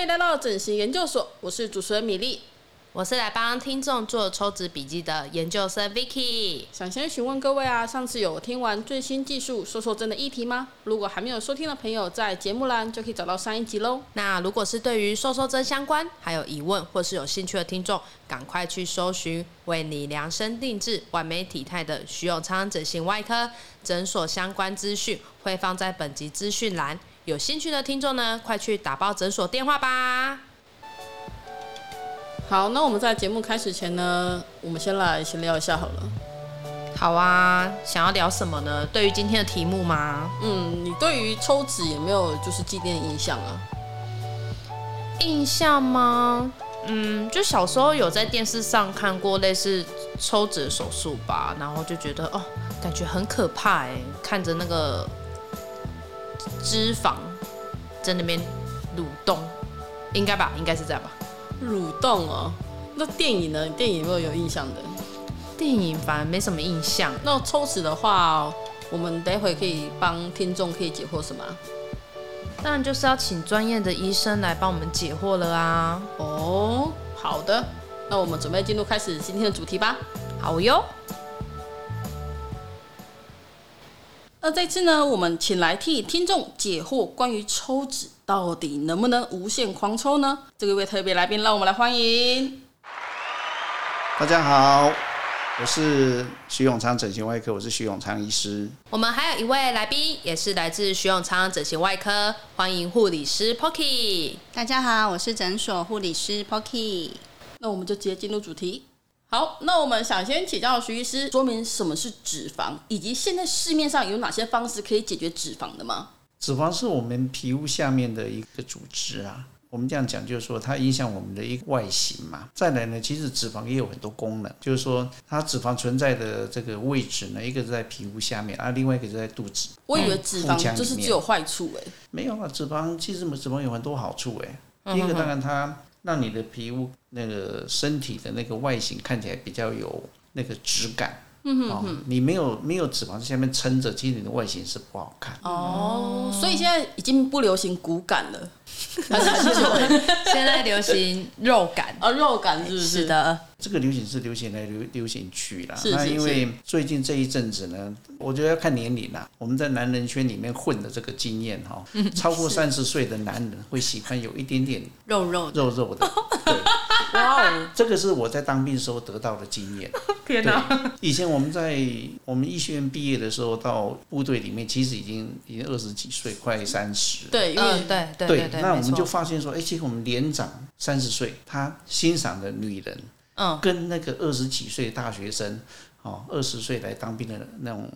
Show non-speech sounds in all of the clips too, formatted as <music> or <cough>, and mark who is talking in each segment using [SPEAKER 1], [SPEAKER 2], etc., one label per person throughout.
[SPEAKER 1] 歡迎來到整形顏究所，我是主持人米莉，我是來幫聽眾做抽脂筆記的研究生 Vicky。想先詢問各位啊，上次有聽完最新技術瘦瘦針的議題嗎？如果還沒有收聽的朋友，在節目欄就可以找到上一集嘍。那如果是對於瘦瘦針相關還有疑問或是有
[SPEAKER 2] 興趣的聽眾，趕快去搜尋為你量身定制完美體態的徐永昌整形外科診所相關資訊，會放在本集資訊欄。
[SPEAKER 1] 有興趣的聽眾呢，快去打爆診所電話吧。好，那我們在節目開始前呢，我們先來先聊一下好了。好啊，想要聊什麼呢？對於今天的題目嗎？嗯，你對於抽脂有沒有就是紀念印象啊？
[SPEAKER 2] 印象嗎？嗯，就小時候有在電視上看過類似抽脂的手術吧，然後就覺得哦，感覺很可怕哎，看着那個。脂肪在那邊蠕動，應該吧？應該是這樣
[SPEAKER 3] 吧。
[SPEAKER 1] 蠕動哦。那電影呢？電影有沒有有印象的？電影反正沒什麼印象。那抽脂的話，我們待會可以幫聽眾可以解惑什麼？當
[SPEAKER 2] 然就是要請專業的醫生來幫我們解惑了啊。哦，好
[SPEAKER 1] 的。那我們準備進入開始今天的主題吧。好喲。那這次呢，我們請來替聽眾解惑，關於抽脂到底能不能無限狂抽呢？這位特別來賓，讓我們來歡迎。
[SPEAKER 4] 大家好，我是徐永昌整形外科，我是徐永昌醫師。
[SPEAKER 2] 我們還有一位來賓，也是來自徐永昌整形外科，
[SPEAKER 1] 歡迎護理師 Pocky。大家好，我是診所護理師 Pocky。那我們就直接進入主題。好，那我們想先請教徐醫師，說明什麼是脂肪，以及現在市面上有哪些方式可以解決脂肪的嗎？
[SPEAKER 4] 脂肪是我們皮膚下面的一個組織啊，我們這樣講就是說它影響我們的一個外形嘛。再來呢，其實脂肪也有很多功能，就是說它脂肪存在的這個位置呢，一個是在皮膚下面而、啊、另外一個是在肚子。我以為脂肪就是只有壞處誒、欸嗯，沒有啊，脂肪其實我們脂肪有很多好處誒、欸嗯。第一個當然它。讓你的皮膚，那個身體的那個外形看起來比較有那個質感。嗯、哦、哼，你沒有沒有脂肪在下面撐着，其實你的外形是不好看。
[SPEAKER 1] 哦，所以現在已經不流行骨感了，現在流行肉感。 <laughs> 哦，肉感是不是？是
[SPEAKER 4] 的，這個流行是流行來流流行去了。那因為最近這一陣子呢，我覺得要看年齡啦。我們在男人圈裡面混的這個經驗哈、哦，超過三十歲的男人會喜歡有一點點肉肉肉肉的。哇、wow、哦！這個是我在當兵時候得到的經驗。天哪！以前我們在我們醫學院畢業的時候，到部隊裡面，其實已經已經二十幾歲，快三十。對，嗯，對，
[SPEAKER 2] 對對對，對，對。那我們就發
[SPEAKER 4] 現說，哎，其實我們連長三十歲，他欣賞的女人，嗯，跟那個二十幾歲的大學生，哦，二十歲來當兵的那種。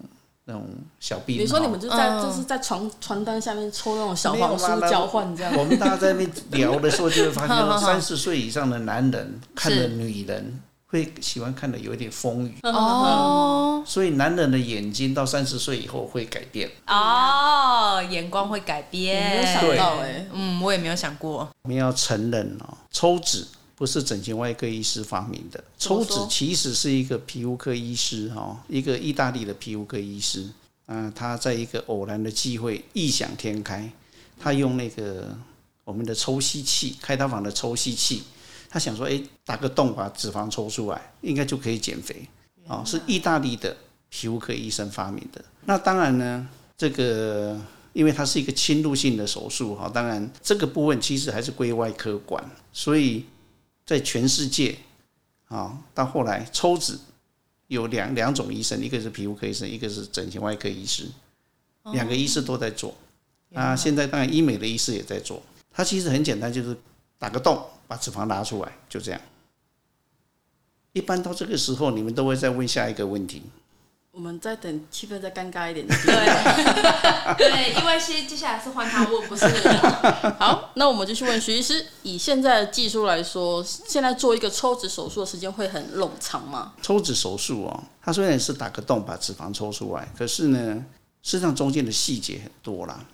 [SPEAKER 4] 那種小，比如說你們就在，就是
[SPEAKER 1] 在床床單下面抽那種小黃書，交換這樣。嗯、我們大家在那邊
[SPEAKER 4] 聊的時候，就會發現，三十歲以上的男人看的女人會喜歡看的有一點風雨哦，所以男人的眼睛到三十歲以後會改變
[SPEAKER 2] 哦，眼光會改變，沒有想到誒。嗯，我也沒有想過，
[SPEAKER 4] 我們要承認哦，抽脂。不是整形外科醫師發明的，抽脂其實是一個皮膚科醫師，哈，一個意大利的皮膚科醫師，他在一個偶然的機會，異想天開，他用那個我們的抽吸器，開刀房的抽吸器，他想說，欸，打個洞把脂肪抽出來，應該就可以減肥，是意大利的皮膚科醫生發明的。那當然呢，這個因為它是一個侵入性的手術，哈，當然這個部分其實還是歸外科管，所以。在全世界，啊，到後來抽脂有兩兩種醫生，一個是皮膚科醫生，一個是整形外科醫師，
[SPEAKER 3] 兩個醫師都在做。Oh.
[SPEAKER 4] Yeah. 啊，現在當然醫美的醫師也在做。他其實很簡單，就是打個洞，把脂肪拿出來，就這樣。一般到這個時候，你們都會再問下一個問題。
[SPEAKER 1] 我們再等氣氛，再尷尬一點，點。 <laughs> 對， <laughs> 對，因為接接下來是換他我不是？ <laughs> 好，那我們就去問徐醫師。以現在的技術來說，現在做一個抽脂手術的時間會很冗長嗎？
[SPEAKER 4] 抽脂手術哦，它雖然是打個洞把脂肪抽出來，可是呢，實際上中間的細節很多啦。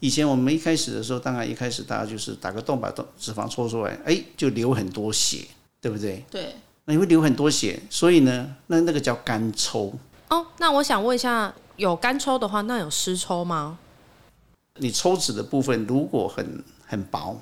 [SPEAKER 4] 以前我們一開始的時候，當然一開始大家就是打個洞把洞脂肪抽出來，哎、欸，就流很多血，對不對？對。那你會流很多血，所以呢，那那個叫乾抽。
[SPEAKER 2] 哦、oh，那我想問一下，有乾抽的話，那有濕抽嗎？
[SPEAKER 4] 你抽脂的部分如果很很薄，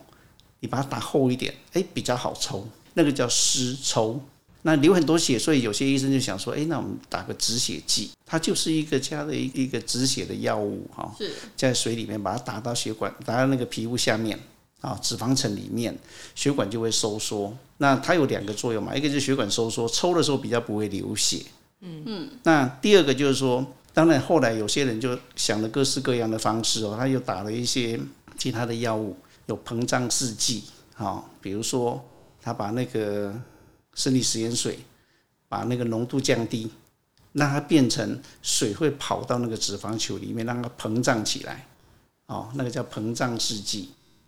[SPEAKER 4] 你把它打厚一點，哎、欸，比較好抽，那個叫濕抽。那流很多血，所以有些醫生就想說，哎、欸，那我們打個止血劑，它就是一個加了一個一個止血的藥物，哈，是，在水裡面把它打到血管，打到那個皮膚下面啊，脂肪層裡面，血管就會收縮。那它有兩個作用嘛，一個就是血管收縮，抽的時候比較不會流血。嗯嗯，那第二個就是說，當然後來有些人就想了各式各樣的方式哦，他又打了一些其他的藥物，有膨脹試劑，啊、哦、比如說他把那個生理食鹽水把那個濃度降低，讓它變成水會跑到那個脂肪球裡面，讓它膨脹起來，哦，那個叫膨脹試劑，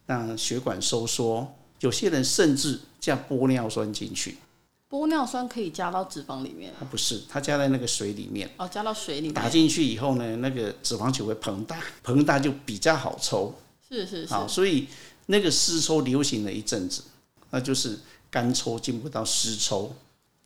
[SPEAKER 4] 讓血管收縮。有些人甚至加玻尿酸進去。
[SPEAKER 1] 玻尿酸可以加到脂肪裡面、
[SPEAKER 4] 啊？啊、不是，它加在那個水裡面。
[SPEAKER 1] 哦，加到水裡面。打進
[SPEAKER 4] 去以後呢，那個脂肪球會膨大，膨大就比較好抽。
[SPEAKER 1] 是是是。
[SPEAKER 4] 所以那個濕抽流行了一陣子，那就是乾抽進不到濕抽。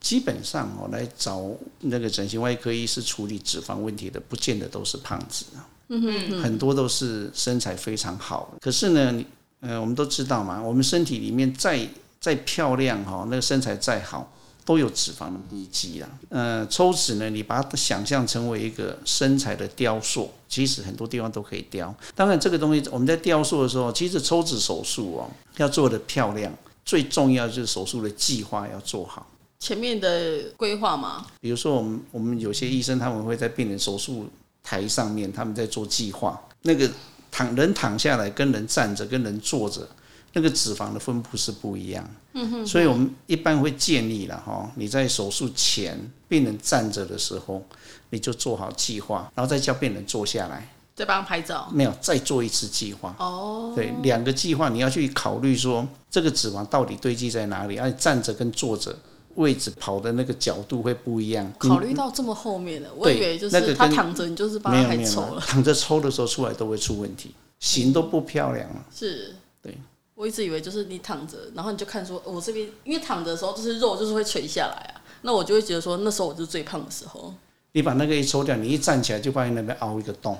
[SPEAKER 4] 基本上哦，來找那個整形外科醫師處理脂肪問題的，不見得都是胖子啊。嗯哼嗯。很多都是身材非常好，可是呢，呃，我們都知道嘛，我們身體裡面在。再漂亮哈，那個身材再好，都有脂肪的堆積啊。呃，抽脂呢，你把它想象成為一個身材的雕塑，其實很多地方都可以雕。當然，這個東西我們在雕塑的時候，其實抽脂手術哦，要做得漂亮，最重要就是手術的計劃要做好。
[SPEAKER 1] 前面的規劃嘛？
[SPEAKER 4] 比如說，我們我們有些醫生他們會在病人手術台上面，他們在做計劃。那個躺人躺下來，跟人站着，跟人坐着。那個脂肪的分佈是不一樣，所以我們一般會建議了，你在手術前病人站着的時候，你就做好計劃，然後再叫病人坐下來，
[SPEAKER 1] 再幫拍照，沒有，
[SPEAKER 4] 再做一次計劃，對，兩個計劃你要去考慮說這個脂肪到底堆積在哪裡，而且站着跟坐着位置跑的那個角度會不一樣，考慮
[SPEAKER 1] 到這麼後面的，我以為就是他躺着你就是幫他抽，
[SPEAKER 4] 躺着抽的時候出來都會出問題，型都不漂亮了，
[SPEAKER 1] 是。我一直以為就是你躺着，然後你就看說，我、哦、這邊因為躺着的時候，就是肉就是會垂下來啊。那我就會覺得說，那時候我是最胖的時候。
[SPEAKER 4] 你把那個一抽掉，你一站起來就發現那邊凹一個洞。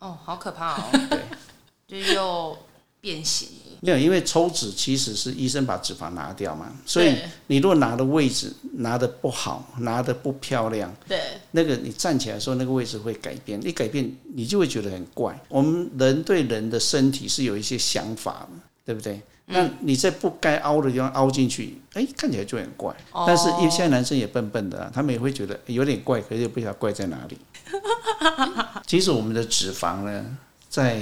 [SPEAKER 4] 哦，
[SPEAKER 1] 好可怕哦！對， <laughs> 就又
[SPEAKER 2] 變形。
[SPEAKER 4] 沒有，因為抽脂其實是醫生把脂肪拿掉嘛，所以你如果拿的位置拿的不好，拿的不漂亮，對，那個你站起來的時候，那個位置會改變。一改變，你就會覺得很怪。我們人對人的身體是有一些想法的。對不對？那、嗯、你在不該凹的地方凹進去，哎，看起來就很怪。哦、但是因為現在男生也笨笨的、啊，他們也會覺得有點怪，可是又不曉得怪在哪裡。 <laughs> 其實我們的脂肪呢，在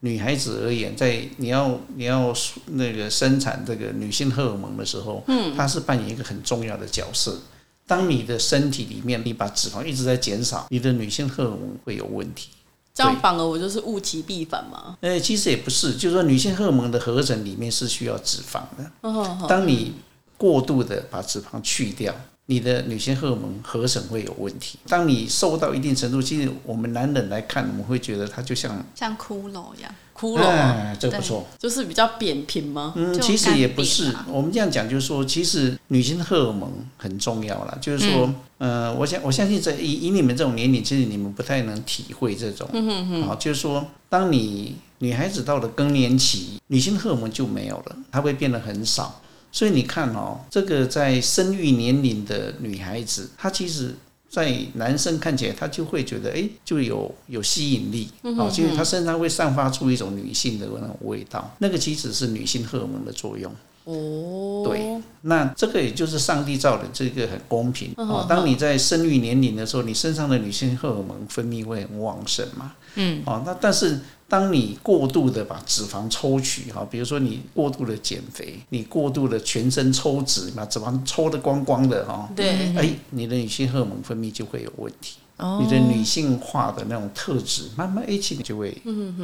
[SPEAKER 4] 女孩子而言，在你要你要那個生產這個女性荷爾蒙的時候，嗯，它是扮演一個很重要的角色。當你的身體裡面你把脂肪一直在減少，你的女性荷爾蒙會有問題。
[SPEAKER 1] 這樣反而我就是物極必反嘛。
[SPEAKER 4] 哎，其實也不是，就是說女性荷爾蒙的合成裡面是需要脂肪的。
[SPEAKER 3] 當你
[SPEAKER 4] 過度的把脂肪去掉，你的女性荷爾蒙合成會有問題。當你瘦到一定程度，其實我們男人來看，我們會覺得他就像
[SPEAKER 3] 像骷髏一樣。哎、
[SPEAKER 4] 啊，這不錯，
[SPEAKER 1] 就是比較扁平嗎？嗯、啊，其實也不
[SPEAKER 4] 是。我們這樣講，就是說，其實女性荷爾蒙很重要啦。就是說，嗯、呃，我相我相信，在以以你們這種年齡，其實你們不太能體會這種。嗯嗯啊，就是說，當你女孩子到了更年期，女性荷爾蒙就沒有了，它會變得很少。所以你看哦，這個在生育年齡的女孩子，她其實。在男生看起來，他就會覺得，誒、欸，就有有吸引力，哦、嗯，就是他身上會散發出一種女性的那種味道，那個其實是女性荷爾蒙的作用。
[SPEAKER 1] 哦，對，
[SPEAKER 4] 那這個也就是上帝造的，這個很公平哦。哦，當你在生育年齡的時候，你身上的女性荷爾蒙分泌會很旺盛嘛。嗯，哦，那但是。當你過度的把脂肪抽取，哈，比如說你過度的減肥，你過度的全身抽脂，把脂肪抽得光光的，哈，對，哎，你的女性荷爾蒙分泌就會有問題，哦，你的女性化的那種特質慢慢一起，就會，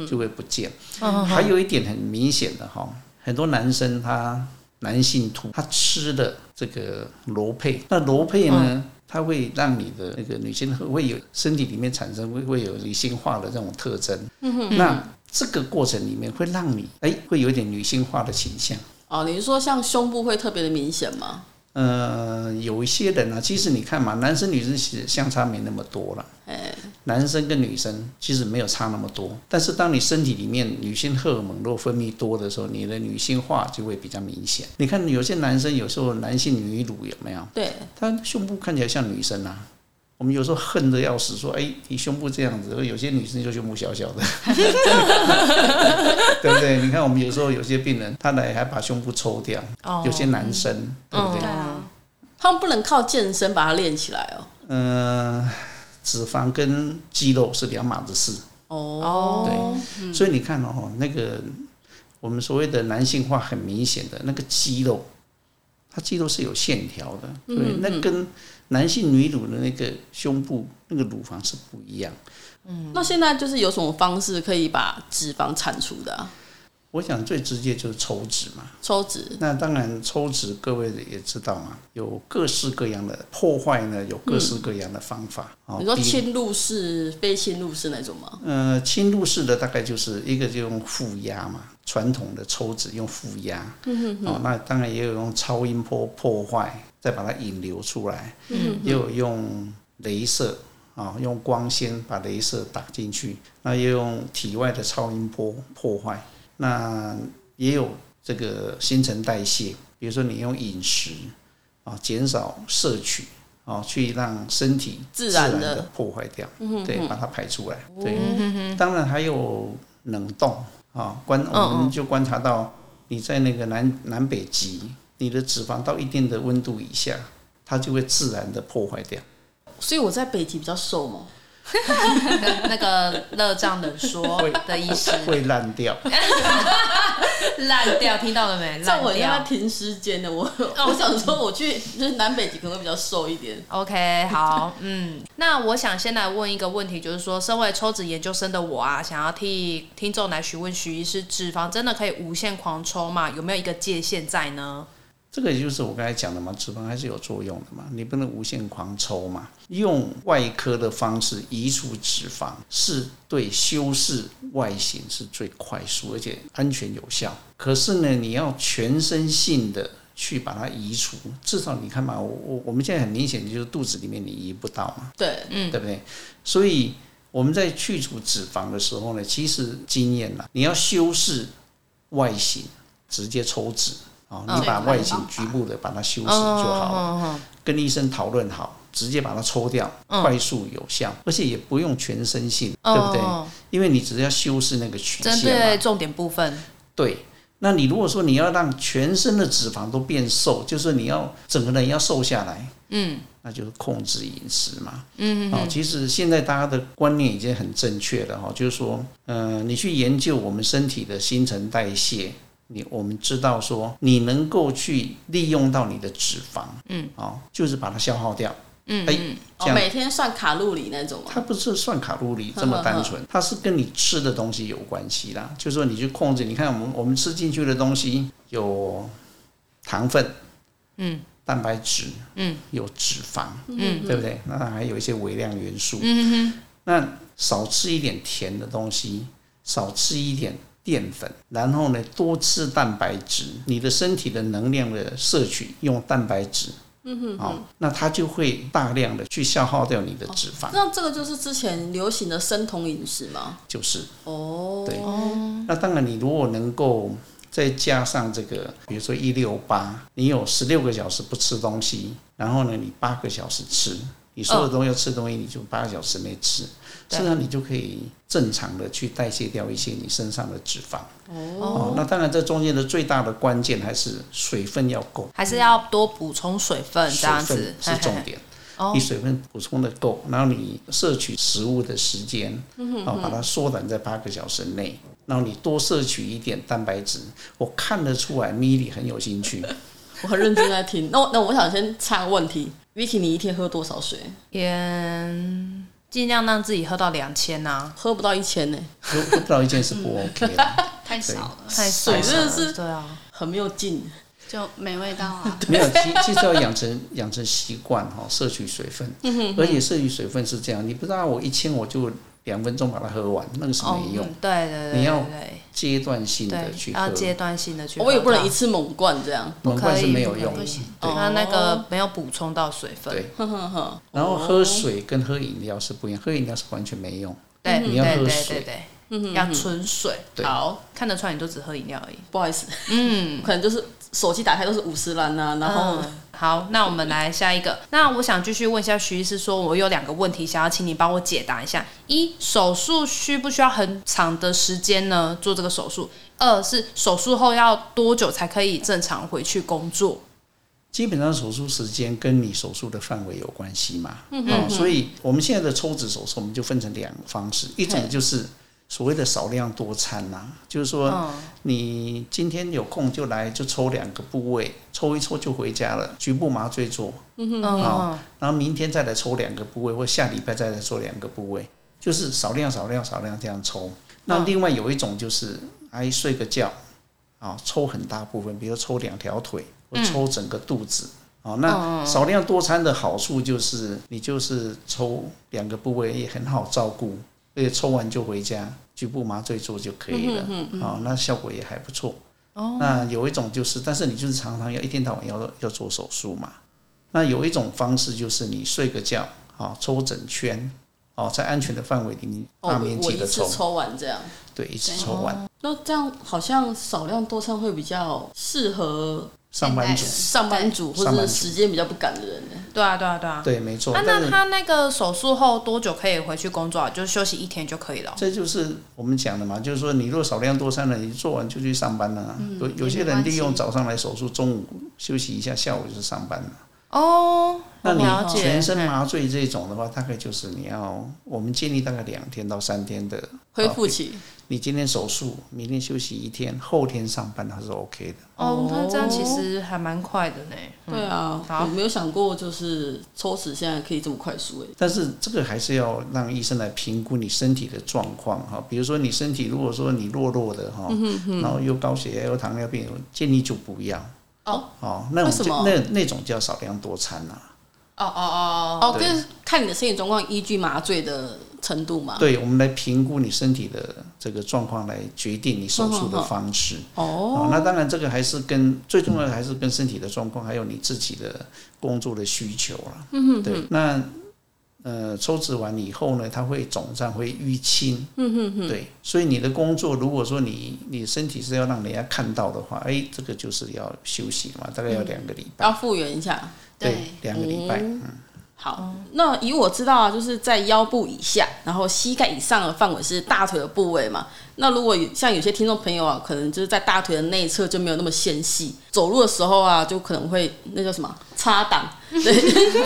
[SPEAKER 4] 就會不見。哦哦哦，還有一點很明顯的哈，很多男生他男性禿，他吃的這個羅佩，那羅佩呢？哦它會讓你的那個女性會有身體裡面產生會會有女性化的這種特徵、嗯，那這個過程裡面會讓你會、欸、會有一點女性化的傾向。
[SPEAKER 1] 哦，你是說像胸部會特別的明顯嗎？
[SPEAKER 4] 呃，有一些人呢、啊，其實你看嘛，男生女生其實相差沒那麼多了、嗯。男生跟女生其實沒有差那麼多。但是當你身體裡面女性荷爾蒙若分泌多的時候，你的女性化就會比較明顯。你看有些男生有時候男性女乳有沒有？對，他胸部看起來像女生啊。我們有時候恨得要死，說：“哎、欸，你胸部這樣子。”有些女生就胸部小小的， <laughs> <laughs> 對不對？你看，我們有時候有些病人，他來還把胸部抽掉。哦、有些男生，嗯、對不對、
[SPEAKER 1] 嗯？他們不能靠健身把它練起來哦。嗯、
[SPEAKER 4] 呃，脂肪跟肌肉是兩碼子事。哦哦，對哦。所以你看哦，那個我們所謂的男性化很明顯的那個肌肉，它肌肉是有線條的，對、嗯，所以那跟、嗯。嗯男性、女乳的那個胸部、那個乳房是不一樣
[SPEAKER 1] 的。嗯，那現在就是有什麼方式可以把脂肪剷除的、
[SPEAKER 4] 啊？我想最直接就是抽脂嘛。抽脂？那當然，抽脂各位也知道嘛，有各式各樣的破壞呢，有各式各樣的方法、嗯哦。你說侵
[SPEAKER 1] 入式、非侵入式那種嗎？
[SPEAKER 4] 呃，侵入式的大概就是一個就用負壓嘛，傳統的抽脂用負壓。嗯
[SPEAKER 1] 哼、哼。哦，
[SPEAKER 4] 那當然也有用超音波破壞。再把它引流出來，也有用雷射啊，用光纖把雷射打進去，那又用體外的超音波破壞，那也有這個新陳代謝，比如說你用飲食啊減少攝取啊，去讓身體自然的破壞掉，對，把它排出來，對，當然還有冷凍啊，觀我們就觀察到你在那個南南北極，你的脂肪到一定的溫度以下，它就會自然的破壞掉。
[SPEAKER 1] 所以我在北極比較瘦嘛， <laughs> <laughs> 那個熱脹冷縮的
[SPEAKER 2] 意思
[SPEAKER 4] 會爛掉，
[SPEAKER 1] 爛 <laughs> 掉，聽到了沒？爛掉，停屍間的我。啊，我想說我去就是南北極可能會比較瘦一點。
[SPEAKER 2] OK，好，嗯，那我想先來問一個問題，就是說，身為抽脂研究生的我啊，想要替聽眾來詢問徐醫師：脂肪真的可以無限狂抽嗎？有沒有一個界限在呢？
[SPEAKER 4] 這個也就是我剛才講的嘛，脂肪還是有作用的嘛，你不能無限狂抽嘛。用外科的方式移除脂肪，是對修飾外形是最快速而且安全有效。可是呢，你要全身性的去把它移除，至少你看嘛，我我我們現在很明顯就是肚子裡面你移不到嘛，對，嗯，對不對？所以我們在去除脂肪的時候呢，其實經驗啦，你要修飾外形，直接抽脂。哦，你把外形局部的把它修飾就好了，跟醫生討論好，直接把它抽掉，快速有效，而且也不用全身性，對不對？因為你只是要修飾那個曲線嘛，針對
[SPEAKER 2] 重點部分。
[SPEAKER 4] 對，那你如果說你要讓全身的脂肪都變瘦，就是你要整個人要瘦下來，嗯，那就是控制飲食嘛。嗯，哦，其實現在大家的觀念已經很正確了哈，就是說，嗯，你去研究我們身體的新陳代謝。你我們知道說你能夠去利用到你的脂肪，嗯，哦，就是把它消耗掉，嗯，
[SPEAKER 1] 哎、嗯欸，這樣、哦、每天算卡路里那種、哦，它
[SPEAKER 4] 不是算卡路里這麼單純呵呵呵，它是跟你吃的東西有關係啦。就是、說你去控制，你看我們我們吃進去的東西、嗯、有糖分，嗯，蛋白質，嗯，有脂肪，嗯，對不對？那還有一些微量元素，嗯嗯，那少吃一點甜的東西，少吃一點，澱粉，然後呢，多吃蛋白質，你的身體的能量的攝取用蛋白質，嗯哼，哼，好、哦，那它就會大量的去消耗掉你的脂肪。那、哦
[SPEAKER 1] 哦、這，這個就是之前流行的生酮飲食嗎？
[SPEAKER 4] 就是，哦，對。那當然，你如果能夠再加上這個，比如說一六八，你有十六個小時不吃東西，然後呢，你八個小時吃，你所有東西，要吃東西你就八個小時內吃，這樣、啊、你就可以正常的去代謝掉一些你身上的脂肪。
[SPEAKER 2] 哦，哦，那
[SPEAKER 4] 當然，這中間的最大的關鍵還是水分要夠，還是
[SPEAKER 2] 要多補充
[SPEAKER 4] 水分，這樣子是重點。嘿嘿，你水分補充的夠，然後你攝取食物的時間，好把它縮短在八個小時內，然後你多攝取一點蛋白質。我看得出來 Mili 很有興趣，
[SPEAKER 1] 我很認真在聽。 <laughs> 那我那我想先插個問題。Vicky，你一天喝多少水？天，盡量讓自己喝到兩千吶，喝不到一千呢，
[SPEAKER 4] 喝不到一千是不 OK 的。的、 <laughs> 嗯，
[SPEAKER 3] 太少
[SPEAKER 4] 了，太少了。對
[SPEAKER 3] 啊，很沒有勁，就沒味道啊。 <laughs> 沒有，其實要養
[SPEAKER 4] 成養成習慣哈，攝取水分， <laughs> 而且攝取水分是這樣，你不知道我一千我就。兩分鐘把它喝完，那個是沒用。哦。對對，對，對，你要階段性的去喝。階
[SPEAKER 1] 段性的去喝。我、哦、也不能一次猛灌這樣，
[SPEAKER 4] 猛灌是沒有用。對，它
[SPEAKER 2] 那個沒有補充到水分。呵呵呵。然後喝水
[SPEAKER 4] 跟喝飲料是不一樣，喝飲料是完全沒用。對，你要喝水。對對對對要純水，嗯、哼哼好，
[SPEAKER 1] 對，看得出來你都只喝飲料而已。不好意思，嗯，可能就是手機打開都是五十人呢。然後、嗯，好，
[SPEAKER 2] 那我們來下一個。那我想繼續問一下徐醫師說，說我有兩個問題想要請你幫我解答一下：一，手術需不需要很長的時間呢？做這個手術？二是手術後要多久才可以正常回去工作？
[SPEAKER 4] 基本上手術時間跟你手術的範圍有關係嘛？嗯哼哼、哦，所以我們現在的抽脂手術我們就分成兩個方式，一種就是。所謂的少量多餐吶、啊，就是說，你今天有空就來，就抽兩個部位，抽一抽就回家了，局部麻醉做，
[SPEAKER 3] 然
[SPEAKER 4] 後明天再來抽兩個部位，或下禮拜再來做兩個部位，就是少量少量少量這樣抽。那另外有一種就是，哎睡個覺，啊抽很大部分，比如抽兩條腿或抽整個肚子，啊那少量多餐的好處就是，你就是抽兩個部位也很好照顧。而抽完就回家，局部麻醉做就可以了好，嗯嗯、哦、那效果也還不錯、哦。那有一種就是，但是你就是常常要一天到晚要要做手術嘛。那有一種方式就是你睡個覺，好、哦、抽整圈，哦，在安全的範圍裡你大面積的抽，哦、一抽完這樣，對，一直抽完、
[SPEAKER 1] 嗯。那這樣好像少量多餐會比較適合。上班族、hey, nice,，上班族，或者時間比較不趕的人，對啊，對啊，對啊，
[SPEAKER 2] 對，
[SPEAKER 4] 沒錯。那、啊、那他
[SPEAKER 1] 那個手術後多久可以回去
[SPEAKER 2] 工作？就休息一天就可以了、
[SPEAKER 4] 哦。這就是我們講的嘛，就是說你若少量多餐的，你做完就去上班了、啊嗯。有些人利用早上來手術，中午休息一下，下午就是上班了。
[SPEAKER 1] 哦，了解，
[SPEAKER 2] 那你全
[SPEAKER 4] 身麻醉這種的話，大概就是你要我們建議大概兩天到三天的恢復期。你今天手術，明天休息一天，後天上班還是 OK 的。
[SPEAKER 1] 哦，那這樣其實還蠻快的呢。對啊，嗯、好，沒有想過就是抽脂現在可以這麼快速，
[SPEAKER 4] 但是這個還是要讓醫生來評估你身體的狀況哈。比如說你身體如果說你弱弱的哈、嗯，然後又高血壓又糖尿病，建議就不要。哦哦，那種就，為什麼？那那種叫少量多餐、啊、
[SPEAKER 1] 哦，哦哦哦哦，對哦，跟看你的身體狀況，依據麻醉的。程度嘛，對我
[SPEAKER 4] 們來評估你身體的這個狀況，來決定你手術的方式、嗯嗯哦。哦，那當然，這個還是跟最重要的還是跟身體的狀況，還有你自己的工作的需求了、啊。嗯哼哼。對。那呃，抽脂完以後呢，它會腫脹，會淤青。嗯哼
[SPEAKER 1] 哼。對，
[SPEAKER 4] 所以你的工作，如果說你你身體是要讓人家看到的話，哎、欸，這個就是要休息嘛，大概要兩個禮
[SPEAKER 1] 拜，嗯、要復原一下。
[SPEAKER 4] 對，兩、嗯、個禮拜。嗯。
[SPEAKER 1] 好，那以我知道啊，就是在腰部以下，然後膝蓋以上的範圍是大腿的部位嘛。那如果像有些聽眾朋友啊，可能就是在大腿的內側就沒有那麼纖細，走路的時候啊，就可能會那叫什麼擦檔，對，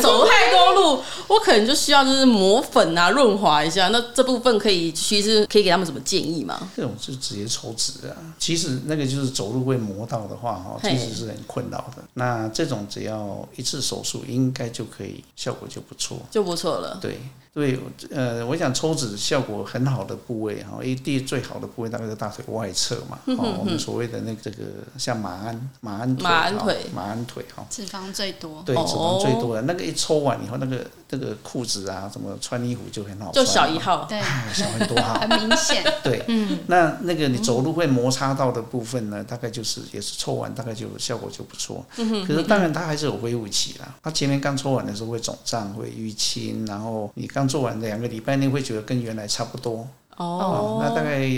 [SPEAKER 1] 走太多路，我可能就需要就是磨粉啊，潤滑一下。那這部分可以，其實可以給他們什麼建議嗎？
[SPEAKER 4] 這種就直接抽脂啊，其實那個就是走路會磨到的話，哈，其實是很困擾的。那這種只要一次手術，應該就可以，效果就不錯，
[SPEAKER 1] 就不錯了。
[SPEAKER 4] 對。對，呃，我想抽脂效果很好的部位哈，一定最好的部位大概在大腿外側嘛、嗯哼哼，我們所謂的那這個像馬鞍，馬鞍。馬鞍腿，馬鞍腿哈。脂
[SPEAKER 3] 肪最多。對，脂肪最多
[SPEAKER 4] 的、哦、那個一抽完以後那個。那、這個褲子啊，什麼穿衣服就很好穿，就小一
[SPEAKER 1] 號，啊、對，小很多號，很明顯。對、
[SPEAKER 4] 嗯，那那個你走路會摩擦到的部分呢，大概就是也是抽完，大概就效果就不錯。可是當然它還是有恢復期啦，它前面剛抽完的時候會腫脹、會淤青，然後你剛做完的兩個禮拜內會覺得跟原來差不多
[SPEAKER 1] 哦。哦。那大概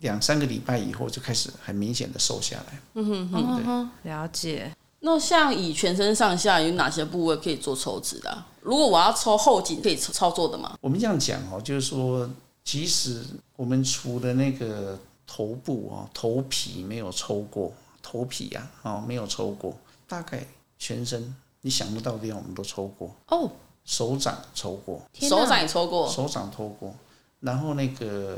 [SPEAKER 4] 兩三個禮拜以後就開始很明顯的瘦下來。嗯
[SPEAKER 1] 哼，哼嗯對，了解。那像以全身上下有哪些部位可以做抽脂的、啊？如果我要抽後頸，可以操作的嗎？
[SPEAKER 4] 我們這樣講哦，就是說，其實我們除了那個頭部啊，頭皮沒有抽過，頭皮呀，哦，沒有抽過，大概全身你想不到的地方我們都抽過哦，oh, 手掌抽過天，手掌也抽過，手掌抽過，然後那個。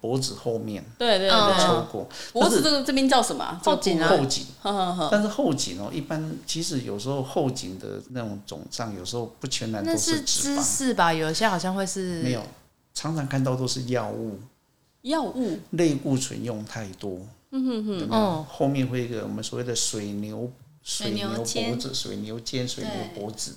[SPEAKER 4] 脖子後面，對對，對，抽過、嗯。脖子這個
[SPEAKER 1] 這邊叫什麼？
[SPEAKER 4] 後頸啊，後
[SPEAKER 1] 頸。
[SPEAKER 2] 但是
[SPEAKER 4] 後頸哦，一般其實有時候後頸的那種腫脹，有時候不全然都是脂
[SPEAKER 2] 肪。那是吧？有些好像會是。沒有，
[SPEAKER 4] 常常看到都是藥物。
[SPEAKER 1] 藥物。
[SPEAKER 4] 類固醇用太多。嗯哼哼、哦。後面會有一個我們所謂的水牛，水牛脖子，牛水牛肩，水牛脖子。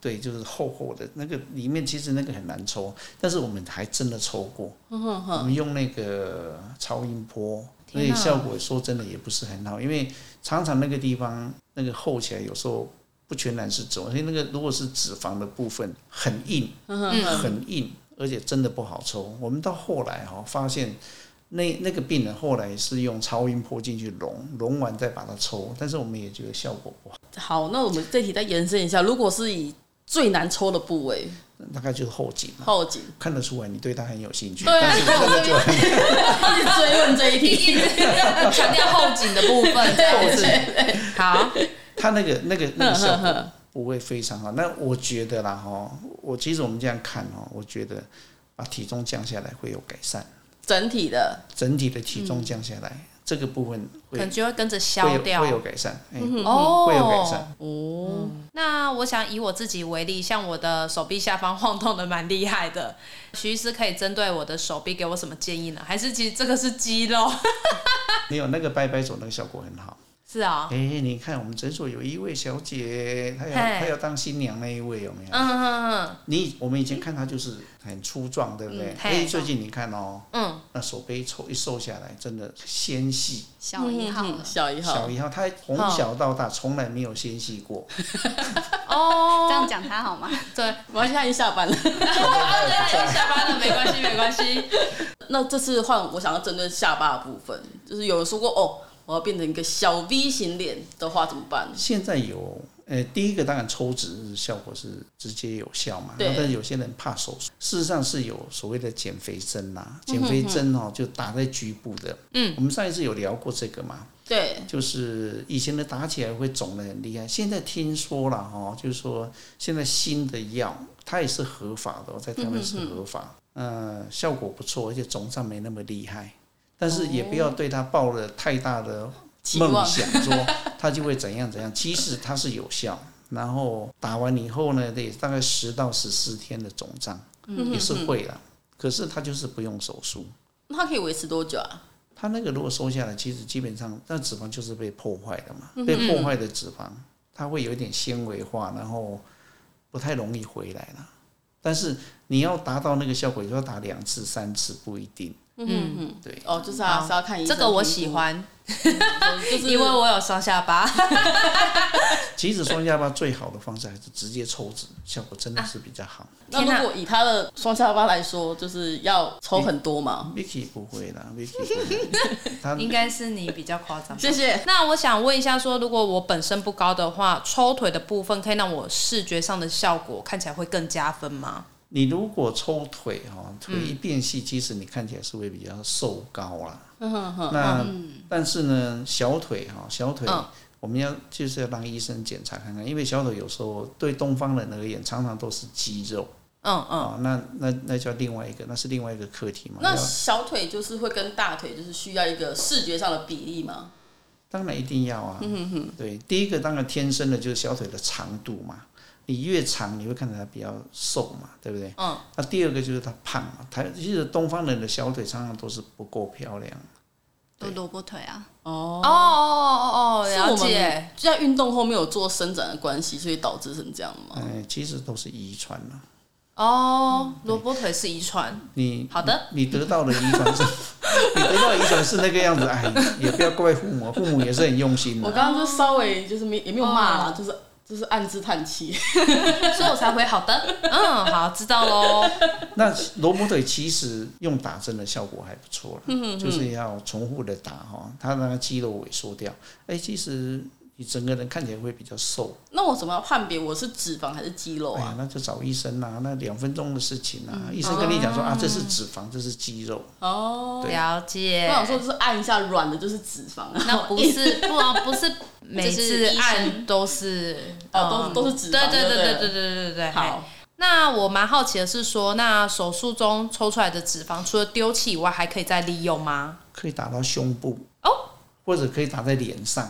[SPEAKER 4] 對，就是厚厚的，那個裡面其實那個很難抽，但是我們還真的抽過。呵
[SPEAKER 1] 呵，我們
[SPEAKER 4] 用那個超音波，所以效果說真的也不是很好，因為常常那個地方那個厚起來，有時候不全然是脂肪，所以那個如果是脂肪的部分很硬呵呵，很硬，而且真的不好抽。我們到後來哈、哦，發現那那個病人後來是用超音波進去溶，溶完再把它抽，但是我們也覺得效果不好。
[SPEAKER 1] 好，那我們這題再延伸一下，如果是以最難抽的部位，
[SPEAKER 4] 大概就是後頸。後頸，看得出來你對他很有興趣，對啊、但是我們就一
[SPEAKER 3] 直 <laughs> 追問這一題，
[SPEAKER 4] 強 <laughs> 調 <laughs> 後
[SPEAKER 2] 頸的部分。對，好，
[SPEAKER 4] 他那個那個嗅部位非常好呵呵。那我覺得啦，哈，我其實我們這樣看哦，我覺得把體重降下來會有改善。整體的，整體的體重降下來。嗯這個部分感覺
[SPEAKER 1] 會跟着
[SPEAKER 2] 消掉，會有改
[SPEAKER 4] 善哦，會有改善、嗯、有改善哦、嗯。
[SPEAKER 1] 那
[SPEAKER 2] 我想以我自己為例，像我的手臂下方晃動的蠻厲害的，徐醫師可以針對我的手臂給我什麼建議呢？還是其實這個是肌肉？
[SPEAKER 4] <laughs> 沒有，那個掰掰手那個效果很好。是啊、哦，哎、欸，你看我們診所有一位小姐，她要她要當新娘那一位，有沒有？嗯嗯嗯。你我們以前看她就是很粗壯、嗯，對不對？哎、嗯欸，最近你看哦、喔，嗯，那手背一抽一瘦下來，真的纖細，
[SPEAKER 1] 小一號、嗯，小一號，小一
[SPEAKER 4] 號。她從小到大從來沒有纖細過。
[SPEAKER 3] <laughs> 哦， <laughs> 這樣講她好嗎？
[SPEAKER 1] 對，我現在已經下班了 <laughs> 對對對。下班了，沒關係，沒關係。 <laughs> 那這次換我想要針對下巴的部分，就是有人說過哦。我要變成一個小 V 型臉的話怎麼辦呢？
[SPEAKER 4] 現在有，呃，第一個當然抽脂效果是直接有效嘛。對。但是有些人怕手術，事實上是有所謂的減肥針啦，減肥針、嗯、減肥針哦，就打在局部的。嗯。我們上一次有聊過這個嘛？對。就是以前的打起來會腫得很厲害，現在聽說了哈，就是說現在新的藥，它也是合法的，在台灣是合法，嗯哼哼，呃，效果不錯，而且腫脹沒那麼厲害。但是也不要對他抱了太大的夢想，說他就會怎樣怎樣。其實它是有效，然後打完以後呢，得大概十到十四天的腫脹也是會了。可是它就是不用手術。
[SPEAKER 1] 那它可以維持多久啊？
[SPEAKER 4] 它那個如果收下來，其實基本上那脂肪就是被破壞的嘛，被破壞的脂肪它會有一點纖維化，然後不太容易回來了。但是你要達到那個效果，你說打兩次三次不一定。嗯嗯，對，
[SPEAKER 2] 哦，就是啊，是要看一下這個我喜歡，
[SPEAKER 1] 嗯、就是 <laughs> 因為我有雙下巴。
[SPEAKER 4] 其實雙下巴最好的方式還是直接抽脂，效果真的是比較好。啊、
[SPEAKER 1] 那如果以他的雙下巴來說，就是要抽很多嘛、啊
[SPEAKER 4] ？Vicky 不會啦
[SPEAKER 1] Vicky
[SPEAKER 4] <laughs> 應
[SPEAKER 2] 該
[SPEAKER 1] 是你比較
[SPEAKER 2] 誇張。謝謝。那我想問一下說，說如果我本身不高的話，抽腿的部分可以讓我視覺上的效果看起來會更加分嗎？
[SPEAKER 4] 你如果抽腿哈，腿一變細，其實你看起來是會比較瘦高啦、啊嗯。
[SPEAKER 2] 那
[SPEAKER 4] 但是呢，小腿哈，小腿、哦、我們要就是要讓醫生檢查看看，因為小腿有時候對東方人而言眼常常都是肌肉。嗯、哦、嗯、哦。那那那叫另外一個，那是另外一個課題嘛。那
[SPEAKER 1] 小腿就是會跟大腿就是需要一個視覺上的比例嗎？
[SPEAKER 4] 當然一定要啊。嗯，嗯對，第一個當然天生的就是小腿的長度嘛。你越長，你會看起來比較瘦嘛，對不對？嗯。那、啊、第二個就是他胖嘛，他其實東方人的小腿常常都是不夠漂亮，
[SPEAKER 3] 都蘿蔔腿啊。哦
[SPEAKER 4] 哦
[SPEAKER 1] 哦哦哦，姐、哦，就、哦、在運動後沒有做伸展的關係，所以導致成這樣
[SPEAKER 4] 嘛？哎、欸，其實都是遺傳嘛。
[SPEAKER 1] 哦，蘿、嗯、蔔腿是遺傳。
[SPEAKER 4] 你好的，你得到的遺傳是， <laughs> 你得到的遺傳是那個樣子。哎，也不要怪父母，父母也是很用心的。我剛剛
[SPEAKER 1] 就稍微就是沒也沒有罵了、哦，就是。就是暗自嘆氣，所以我才會好的，嗯，好，知道嘍
[SPEAKER 4] <laughs> 那蘿蔔腿其實用打針的效果還不錯了，就是要重複的打齁，它那個肌肉萎縮掉。哎，其實。你整個人看起來會比較瘦。
[SPEAKER 1] 那我怎麼判別我是脂肪還是肌肉啊？哎、
[SPEAKER 4] 那就找醫生啊，那兩分鐘的事情啊，嗯、醫生跟你講說、嗯、啊，這是脂肪，這是肌肉。哦，
[SPEAKER 1] 了解。我想說，就是按一下軟的，就是脂肪。那不是 <laughs> 不啊，不是，
[SPEAKER 2] 每次按都是 <laughs> 哦，嗯、都是
[SPEAKER 1] 都是脂肪。哦、
[SPEAKER 2] 脂肪對對對對對對對對對。好，那我蠻好奇的是說，說那手術中抽出來的脂肪，除了丟棄以外，還可以再利用嗎？
[SPEAKER 4] 可以打到胸部哦，或者可以打在臉上。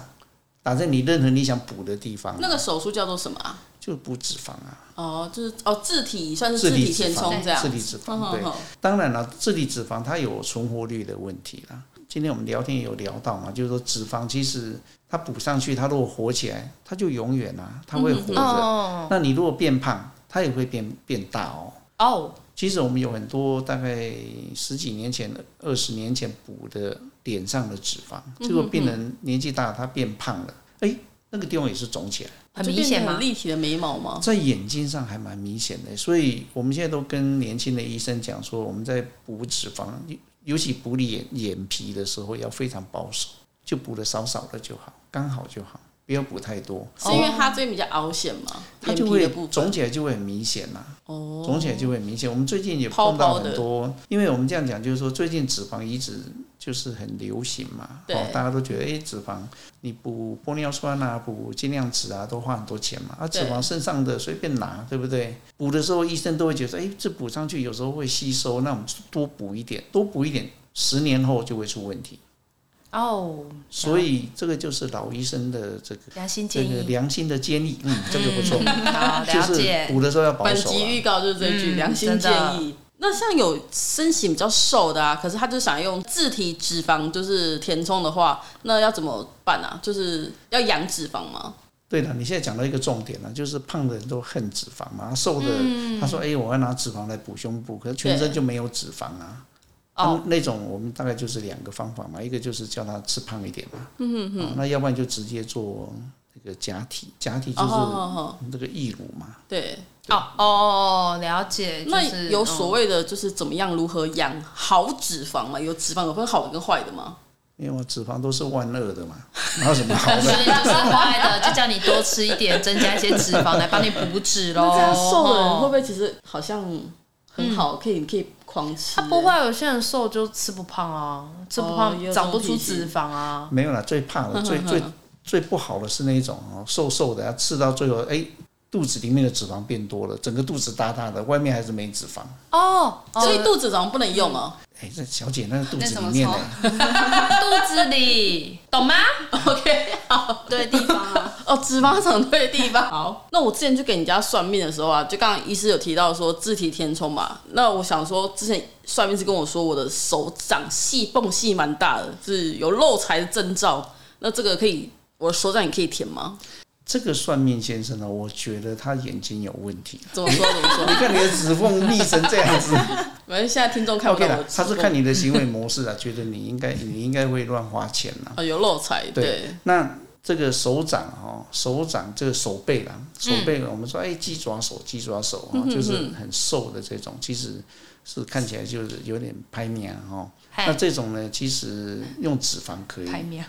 [SPEAKER 4] 打、啊、在你任何你想補的地方。那個
[SPEAKER 1] 手術叫做什麼啊？
[SPEAKER 4] 就補脂肪啊。
[SPEAKER 1] 哦，就是哦，自體算是自體填充這樣子，自體脂肪，對，脂肪對。
[SPEAKER 4] 當然了，自體脂肪它有存活率的問題啦。今天我們聊天也有聊到嘛，就是說脂肪其實它補上去，它如果活起來，它就永遠啊，它會活着，嗯哦哦哦哦。那你如果變胖，它也會變變大哦。哦。其實我們有很多，大概十幾年前，二十年前補的臉上的脂肪，這個病人年紀大了，他變胖了，哎，那個地方也是腫起來，很明顯嘛，很立體的眉毛嘛，在眼睛上還蠻明顯的，所以我們現在都跟年輕的醫生講說，我們在補脂肪，尤尤其補眼眼皮的時候要非常保守，就補得少少的就好，剛好就好。不要補太多，是因為它
[SPEAKER 1] 最近比較凹陷嘛，哦，它就會
[SPEAKER 4] 腫起來就會很明顯吶、啊。
[SPEAKER 1] 哦，腫起來就
[SPEAKER 4] 會很明顯。我們最近也碰到很多，泡泡因為我們這樣講就是說，最近脂肪移植就是很流行嘛，哦，大家都覺得哎、欸，脂肪你補玻尿酸啊，補晶亮瓷啊，都花很多錢嘛。那、啊、脂肪身上的隨便拿，對不對？補的時候醫生都會覺得，哎、欸，這補上去有時候會吸收，那我們多補一點，多補一點，十年後就會出問題。哦、oh，所以這個就是老醫生的這個，個
[SPEAKER 1] 良心
[SPEAKER 2] 建議
[SPEAKER 4] 良心的建議，嗯，這個不錯。 <laughs> 好，了解。補、就是、的時候要保守。本集預
[SPEAKER 1] 告就是這一句、嗯、良心建議。的那像有身形比較瘦的啊，可是他就想用自體脂肪就是填充的話，那要怎麼辦呢、啊？就是要養脂肪嗎？
[SPEAKER 4] 對的，你現在講到一個重點了，就是胖的人都恨脂肪嘛，瘦的、嗯、他說：“哎、欸，我要拿脂肪來補胸部，可是全身就沒有脂肪啊。”那那種我們大概就是兩個方法嘛，一個就是叫他吃胖一點嘛，嗯嗯，那要不然就直接做這個假體，假體就是這個義乳嘛、
[SPEAKER 1] 哦。對，哦哦，了解。就是、那有所謂的，就是怎麼樣如何養好脂肪嘛？有脂肪有分好的跟壞的嗎？
[SPEAKER 4] 因為我脂肪都是萬惡的嘛，
[SPEAKER 1] 哪有什麼好的， <laughs> 就
[SPEAKER 4] 是
[SPEAKER 3] 壞的，就叫你多吃一點，增加一些
[SPEAKER 1] 脂肪來幫你
[SPEAKER 2] 補脂
[SPEAKER 4] 嘍。那這樣瘦的
[SPEAKER 1] 人會不會其實好像？很、嗯、好，可以可以狂吃、欸。他不會，
[SPEAKER 2] 有些人瘦就吃不胖啊，吃不胖長、哦、不出脂肪啊。
[SPEAKER 4] 沒有啦，最胖的最呵呵呵最最，最不好的是那一種哦，瘦瘦的要吃到最後哎。誒肚子裡面的脂肪變多了，整個肚子大大的，外面還是沒脂肪
[SPEAKER 1] 哦，所以肚子怎麼不能用哦、
[SPEAKER 4] 啊？哎、嗯，這、欸、小姐，那個、肚子裡面的、欸，
[SPEAKER 1] 肚子裡懂嗎？OK，好，對地方、啊、哦，脂肪長對地方。 <laughs> 好，那我之前去給人家算命的時候啊，就剛剛醫師有提到說自體填充嘛，那我想說之前算命是跟我說我的手掌細縫隙蠻大的，就是有漏財的徵兆，那這個可以，我的手掌也可以填嗎？
[SPEAKER 4] 這個算命先生呢，我覺得他眼睛有問題。怎麼說？怎麼說？你看你的指縫密成這樣子。
[SPEAKER 1] <laughs> 反正現在聽眾看不到我指縫，okay，他是看你的行
[SPEAKER 4] 為模式啊， <laughs> 覺得你應該，你應該會亂花錢吶。啊，哦，有漏財對。對。那這個手掌哈，哦，手掌這個手背了，手背了，我們說哎，雞爪手，雞爪手哈，哦，就是很瘦的這種、嗯哼哼，其實是看起來就是有點拍面哈，哦。那這種呢，其實用脂肪可以。妹妹，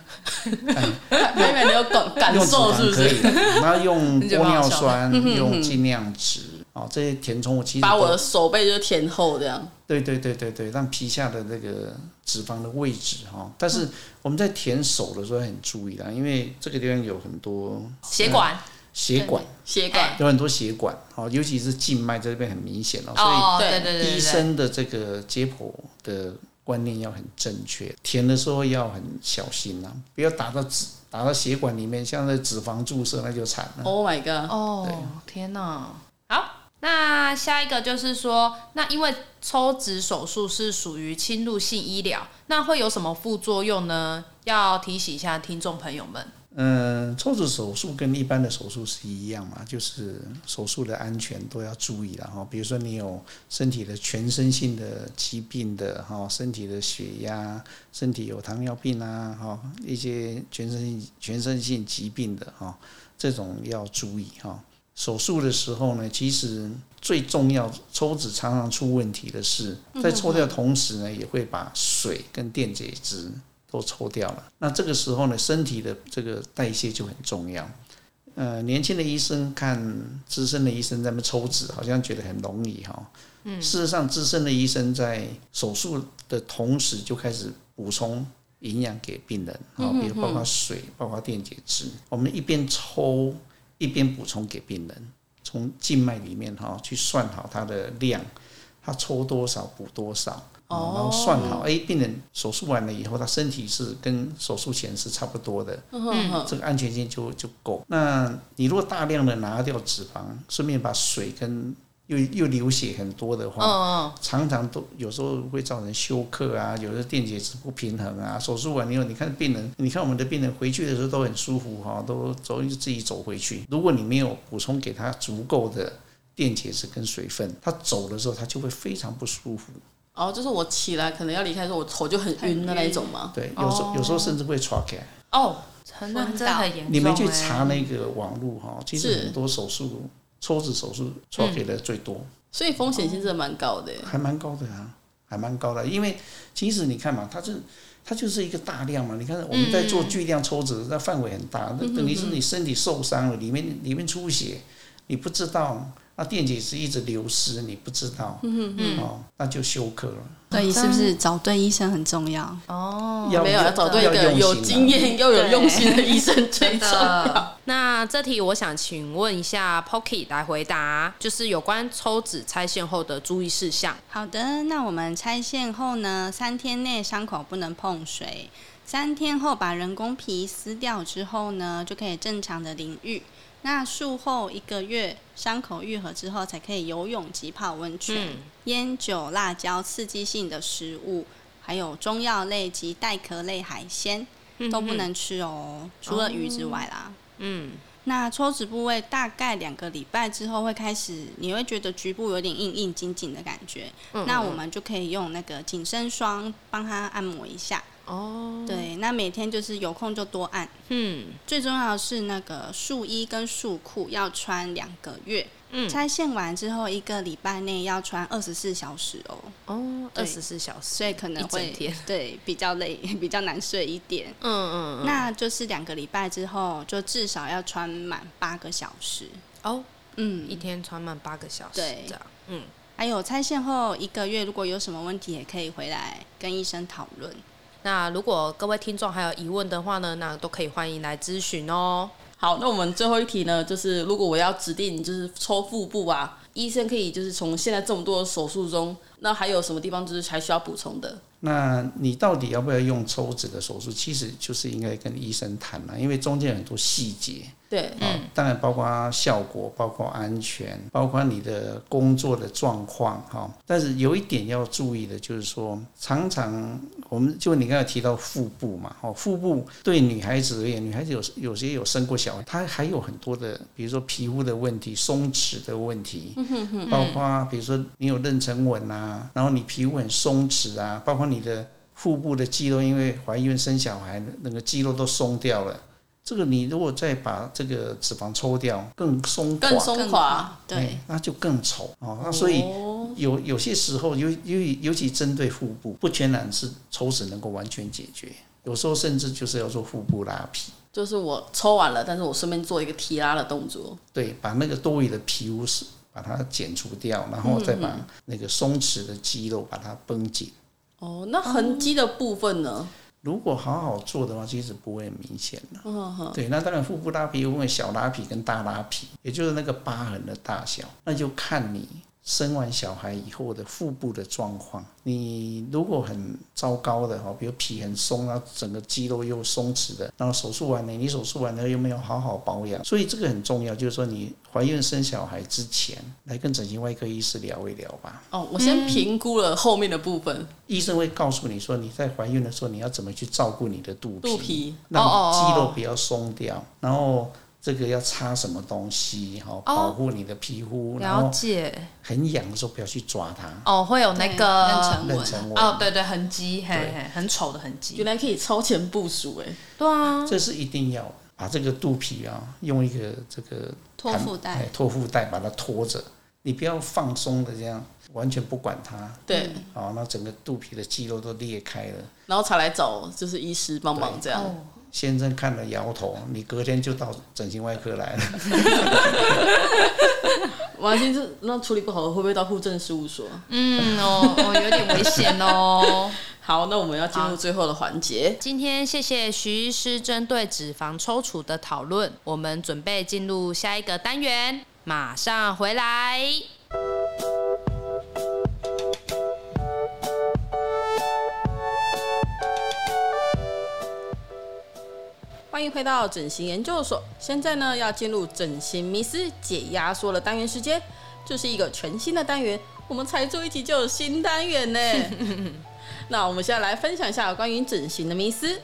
[SPEAKER 1] 你有感感受是不是？
[SPEAKER 4] 那用，用， <laughs> 用玻尿酸， <laughs> 用盡量釀值。哦， <laughs> 這些填充我其實把我的
[SPEAKER 1] 手背就填厚這樣。
[SPEAKER 4] 對對對對對，讓皮下的那個脂肪的位置哈。但是我們在填手的時候很注意啊，因為這個地方有很多血管、
[SPEAKER 1] 血管、血管，有很
[SPEAKER 4] 多血管，尤其是靜脈這邊很明顯哦。所以對，對，對，對，對，對醫生的這個解剖的。觀念要很正確，填的時候要很小心吶、啊，不要打到脂，打到血管裡面，像那脂肪注射那就慘了。
[SPEAKER 1] Oh my God！哦，對 oh,
[SPEAKER 2] 天哪！好，那下一個就是說，那因為抽脂手術是屬於侵入性醫療，那會有什麼副作用呢？要提醒一下聽眾朋友們。
[SPEAKER 4] 嗯，抽脂手術跟一般的手術是一樣嘛，就是手術的安全都要注意了哈。比如說你有身體的全身性的疾病的哈，身體的血壓、身體有糖尿病啊哈，一些全身全身性疾病的哈，這種要注意哈。手術的時候呢，其實最重要抽脂常常出問題的是，在抽掉同時呢，也會把水跟電解質。都抽掉了，那這個時候呢，身體的這個代謝就很重要。呃，年輕的醫生看資深的醫生在那抽脂，好像覺得很容易哈、哦。嗯，事實上，資深的醫生在手術的同時就開始補充營養給病人，啊、哦，比如包括水，嗯嗯包括電解質。我們一邊抽一邊補充給病人，從靜脈裡面哈、哦，去算好它的量。他抽多少補多少，多少嗯 oh. 然後算好。哎，病人手術完了以後，他身體是跟手術前是差不多的，oh. 這個安全性就就夠。那你如果大量的拿掉脂肪，順便把水跟又又流血很多的話，oh. 常常都有時候會造成休克啊，有的電解質不平衡啊。手術完以後，你看病人，你看我們的病人回去的時候都很舒服哈、啊，都走自己走回去。如果你沒有補充給他足夠的，電解質跟水分，它走的時候，它就會非常不舒服。
[SPEAKER 1] 哦，就是我起來可能要離開的時候，我頭就很暈的那一種嗎？對，
[SPEAKER 4] 有時有時候、哦、甚至會抽血。哦，很認真，
[SPEAKER 1] 很嚴重。你沒去查
[SPEAKER 4] 那個網絡哈？其實很多手術，抽脂手術抽血的最多，嗯、所以風險性真的蠻高的、哦，還蠻高的啊，還蠻高的。因為其實你看嘛，它是它就是一個大量嘛，你看我們在做巨量抽脂，那範圍很大，那等於是你身體受傷了，裡面裡面出血，你不知道。那、啊、電解質一直流失，你不知道、嗯哼哼，哦，那就休克了。
[SPEAKER 3] 所以是不是找對醫生很重要？哦，沒有，要，要，要
[SPEAKER 1] 找對一個有經驗、
[SPEAKER 3] 啊、又
[SPEAKER 2] 有用心的醫生。 <laughs> 真的。那這題我想請問一下 Pocket 來回答，就是有關抽脂拆線後的注意事項。
[SPEAKER 3] 好的，那我們拆線後呢，三天內傷口不能碰水，三天後把人工皮撕掉之後呢，就可以正常的淋浴。那術後一個月傷口愈合之後，才可以游泳及泡溫泉。菸、嗯、酒、辣椒、刺激性的食物，還有中藥類及帶殼類海鮮都不能吃哦、嗯，除了魚之外啦。嗯，那抽脂部位大概兩個禮拜之後會開始，你會覺得局部有點硬硬、緊緊的感覺嗯嗯。那我們就可以用那個緊身霜幫他按摩一下。
[SPEAKER 2] 哦、oh,，對，
[SPEAKER 3] 那每天就是有空就多按，嗯，最重要是那個束衣跟束褲要穿兩個月，嗯，拆線完之後一個禮拜內要穿二十四小時哦，哦、oh,，二十四小時，所以可能會對比較累，比較難睡一點，嗯嗯，
[SPEAKER 2] 嗯，那
[SPEAKER 3] 就是兩個禮拜之後就至少要穿滿八個小時哦
[SPEAKER 2] ，oh, 嗯，一
[SPEAKER 3] 天穿滿八
[SPEAKER 2] 個小時，對，這樣，嗯，
[SPEAKER 3] 還有拆線後一個月如果有什麼問題也可以回來跟醫生討論。那如果各位聽眾還有疑問的話呢，那
[SPEAKER 1] 都可以歡迎來諮詢哦。好，那我們最後一題呢，就是如果我要指定就是抽腹部啊，醫生可以就是從現在這麼多的手術中，那還有什麼地方就是還需要補充的？
[SPEAKER 4] 那你到底要不要用抽脂的手術？其實就是應該跟醫生談嘛，因為中間很多細節。
[SPEAKER 1] 對，
[SPEAKER 4] 當然包括效果，包括安全，包括你的工作的狀況，哈、哦。但是有一點要注意的，就是說，常常我們就你剛才提到腹部嘛，哈、哦，腹部對女孩子而言，女孩子有有些有、有生過小孩，她還有很多的，比如說皮膚的問題、鬆弛的問題，嗯、
[SPEAKER 1] 哼哼，包括、
[SPEAKER 4] 嗯、比如說你有妊娠紋啊，然後你皮膚很鬆弛啊，包括你的腹部的肌肉，因為懷孕生小孩，那個肌肉都鬆掉了。這個你如果再把這個脂肪抽掉，更鬆垮，更鬆垮，垮，對，那就更醜。那所以有有些時候，尤、尤、尤其針對腹部，不全然是抽脂能夠完全解決。有時候甚至就是要做腹部拉皮，
[SPEAKER 1] 就是我抽完了，但是我順便做一個提拉的動作，
[SPEAKER 4] 對，把那個多餘的皮膚是把它剪除掉，然後再把那個鬆弛的肌肉把它繃緊。嗯嗯。
[SPEAKER 1] 哦，那橫肌的部分呢？嗯
[SPEAKER 4] 如果好好做的話，其實不會很明顯的。Oh, oh. 對，那當然腹部拉皮分為小拉皮跟大拉皮，也就是那個疤痕的大小，那就看你。生完小孩以後的腹部的狀況，你如果很糟糕的話，比如皮很鬆啊，整個肌肉又鬆弛的，然後手術完呢，你手術完了又沒有好好保養，所以這個很重要，就是說你懷孕生小孩之前來跟整形外科醫師聊一聊吧。
[SPEAKER 1] 哦，我先評估了後面的部分，嗯、
[SPEAKER 4] 醫生會告訴你說你在懷孕的時候你要怎麼去照顧你的肚皮，肚皮哦哦哦讓肌肉不要鬆掉，然後。這個要擦什麼東西？哈，保護你的皮膚。哦，了解，然後很癢的時候不要去抓它。哦，
[SPEAKER 2] 會有那個妊娠紋？哦，對對，痕跡，嘿嘿，很醜的痕跡。原來可以超前部署。哎，
[SPEAKER 4] 對啊，這是一定要把這個肚皮啊，用一個這個托腹帶，托腹帶把它托着，你不要放鬆的這樣，完全不管它。對，哦、嗯，那整個肚皮的肌肉都裂開了，
[SPEAKER 1] 然後才來找就是醫師幫忙這樣。
[SPEAKER 4] 先生看了搖頭，你隔天就到整形外科來了、 <laughs> <laughs> 嗯。王先生，那處理不好會不會到戶政事務所？嗯哦，哦有點危險
[SPEAKER 1] 哦。 <laughs> 好，那我們要進入最後的環節、啊。
[SPEAKER 2] 今天謝謝
[SPEAKER 1] 徐醫師針
[SPEAKER 2] 對脂肪抽搐的討論，我們準備進入下一個單元，馬上回來。
[SPEAKER 1] 歡迎回到整形研究所，現在呢要進入整形迷思解壓縮的單元時間，這、就是一個全新的單元，我們才做一集就有新單元呢。 <laughs> 那我們現在來分享一下關於整形的迷思。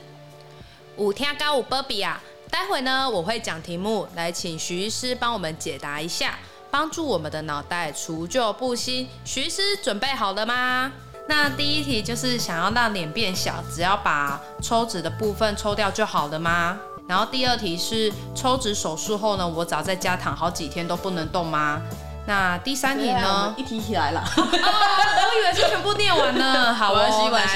[SPEAKER 1] 五天高五
[SPEAKER 2] baby 啊，待會呢我會講題目，來請徐醫師幫我們解答一下，幫助我們的腦袋除舊布新。徐醫師準備好了嗎？那第一題就是想要讓臉變小，只要把抽脂的部分抽掉就好了嗎？然後第二題是抽脂手術後呢，我只要在家躺好幾天都不能動嗎？那第三題呢？啊、
[SPEAKER 1] 一題起來了、 <laughs> 啊，我以為是全部念完了。好、哦、來，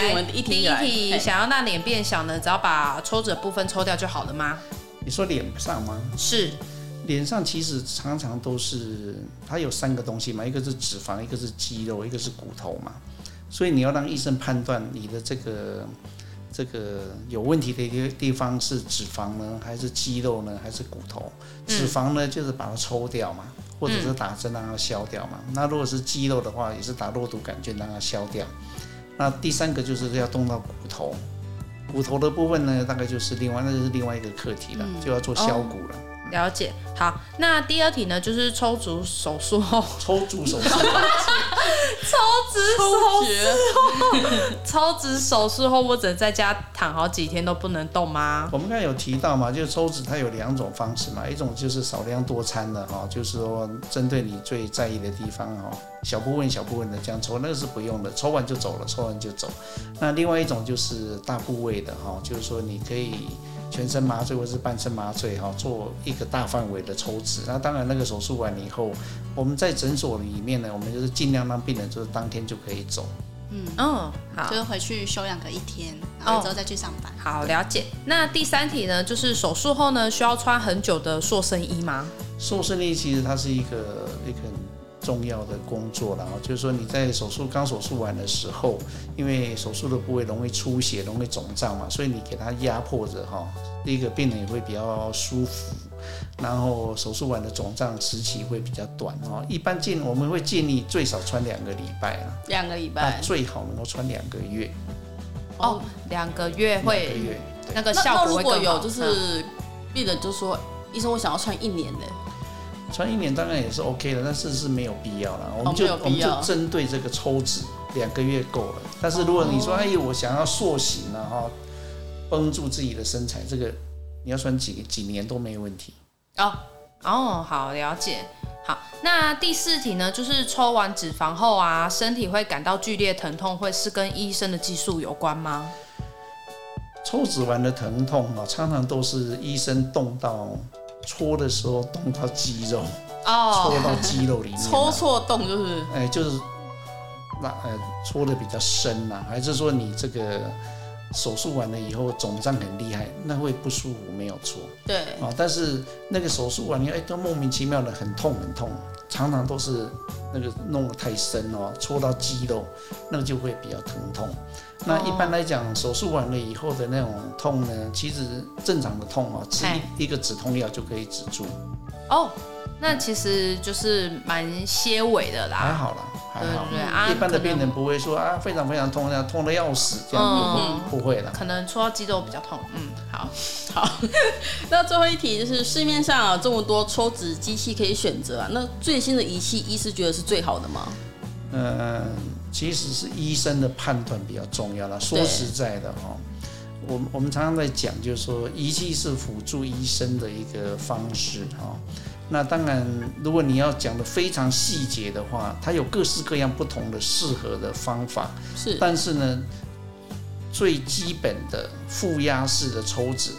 [SPEAKER 1] 我們一題一題來。第一題
[SPEAKER 2] 想要讓臉變小呢，只要把抽脂的部分抽掉就好
[SPEAKER 4] 了嗎？你說臉上嗎？是，臉上其實常常都是它有三個東西嘛，一個是脂肪，一個是肌肉，一個是骨頭嘛。所以你要讓醫生判斷你的這個這個有問題的一個地方是脂肪呢，還是肌肉呢，還是骨頭？脂肪呢，就是把它抽掉嘛，或者是打針讓它消掉嘛。那如果是肌肉的話，也是打肉毒桿菌讓它消掉。那第三個就是要動到骨頭，骨頭的部分呢，大概就是另外，那就是另外一個課題了，就要做削骨了、嗯
[SPEAKER 2] 哦。了解，好。那第二題呢，就是抽脂手術後。抽脂手術。 <laughs> 抽脂手術後，抽脂手術後我只能在家躺好幾天都不能動嗎？我們剛才
[SPEAKER 4] 有提到嘛，就是抽脂它有兩種方式嘛，一種就是少量多餐的哈，就是說針對你最在意的地方哦，小部分小部分的這樣抽，那個是不用的，抽完就走了，抽完就走。那另外一種就是大部位的哈，就是說你可以。全身麻醉或是半身麻醉，哈，做一個大範圍的抽脂。那當然，那個手術完了以後，我們在診所裡面呢，我們就是盡量讓病人就是當天就可以走。嗯嗯，哦，好，就
[SPEAKER 3] 是回去休養個一天，然後之後再去上班。
[SPEAKER 4] 哦，好，了解。
[SPEAKER 3] 那第三題呢，就
[SPEAKER 2] 是手術後呢，需要穿很久的塑身衣嗎？
[SPEAKER 4] 塑身衣其實它是一個一個。重要的工作，然後就是說，你在手術剛手術完的時候，因為手術的部位容易出血、容易腫脹嘛，所以你給他壓迫着哈，第一個病人也會比較舒服，然後手術完的腫脹時期會比較短哦，一般建我們會建議最少穿兩個禮拜啊，兩
[SPEAKER 1] 個禮
[SPEAKER 2] 拜，最
[SPEAKER 4] 好能夠穿兩個月。哦，兩個月
[SPEAKER 1] 會，兩個
[SPEAKER 2] 月那個效果會更好，就是
[SPEAKER 1] 病人就說，醫生，我想要穿一年的。
[SPEAKER 4] 穿一年當然也是 OK 的，但是是沒有必要啦。哦、要我們就我們就針對這個抽脂，兩個月夠了。但是如果你說，哦、哎呦，我想要塑形，啊，然後繃住自己的身材，這個你要穿幾幾年都沒問題。
[SPEAKER 2] 哦哦，好了解。好，那第四題呢，就是抽完脂肪後啊，身體會感到劇烈疼痛，會是跟醫生的技術有關嗎？
[SPEAKER 4] 抽脂完的疼痛啊，常常都是醫生動到。戳的時候動到肌肉，
[SPEAKER 1] 哦，
[SPEAKER 2] 戳到肌
[SPEAKER 4] 肉裡面，戳 <laughs>
[SPEAKER 1] 錯動就是，
[SPEAKER 4] 欸，就是那呃戳的比較深吶，還是說你這個手術完了以後腫脹很厲害，那會不舒服沒有錯，對，哦，但是那個手術完你哎，欸，都莫名其妙的很痛很痛，常常都是那個弄得太深哦，戳到肌肉，那個就會比較疼痛，痛。那一般來講，手術完了以後的那種痛呢，其實正常的痛啊，吃一個止痛藥就可以止住。
[SPEAKER 2] 哦，那其實就是
[SPEAKER 4] 蠻些微的啦。還好了，還好對對對、啊，一般的病人不會說啊，非常非常痛，這樣痛的要死，這樣就話不,、嗯、不會的。可
[SPEAKER 1] 能戳到肌肉比較痛。嗯，好，
[SPEAKER 4] 好。
[SPEAKER 1] <laughs> 那最後一題就是市面上有這麼多抽脂機器可以選擇啊，那最新的儀器，醫師覺得是最好的嗎？嗯、呃。
[SPEAKER 4] 其實是醫生的判斷比較重要啦。說實在的哈，我們我們常常在講，就是說儀器是輔助醫生的一個方式哈、喔。那當然，如果你要講的非常細節的話，它有各式各樣不同的適合的方法。是。但是呢，最基本的負壓式的抽脂，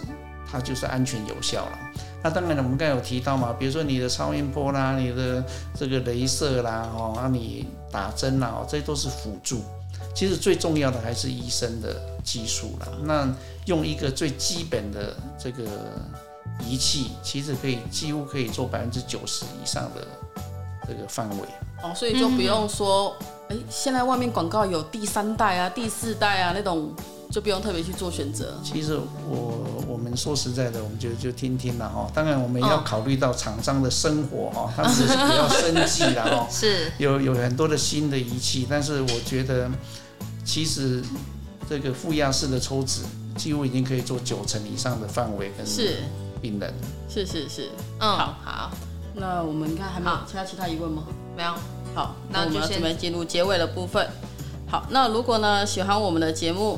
[SPEAKER 4] 它就是安全有效了。那當然了，我們剛才有提到嘛，比如說你的超音波啦，你的這個雷射啦，哦，那你。打針啊，這都是輔助。其實最重要的還是醫生的技術啦。那用一個最基本的這個儀器，其實可以幾乎可以做百分之九十以上的這個範圍。
[SPEAKER 1] 哦，所以就不用說，哎、嗯，現在外面廣告有第三代啊、第四代啊那種，就不用特別去做選擇。其
[SPEAKER 4] 實我我們說實在的，我們就就聽聽了哈、喔。當然我們要考慮到廠商的生活哈、喔，他們是要生計了、喔？ <laughs> 是。有有很多的新的儀器，但是我覺得其實這個負壓式的抽脂幾乎已經可以做九成以上的範圍跟病人是。
[SPEAKER 1] 是是是。嗯。好。好。好那我們看還沒有其他其他疑問嗎？沒有。好，那我們要準備進入結尾的部分。好，那如果呢喜歡我們的節目。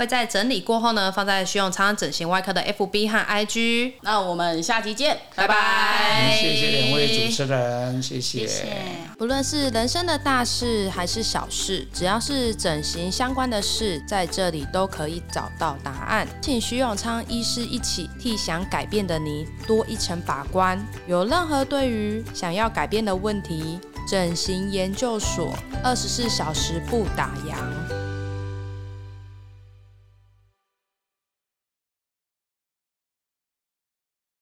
[SPEAKER 2] 會在整理過後呢，放在徐永昌整形外科的 FB 和 IG。那我們下集見，拜拜！嗯、謝謝兩位主持
[SPEAKER 4] 人，謝謝，謝謝。
[SPEAKER 2] 不論是人生的大事還是小事，只要是整形相關的事，在這裡都可以找到答案。請徐永昌醫師一起替想改變的你多一層把關。有任何對於想要改變的問題，整形顏究所二十四小時不打烊。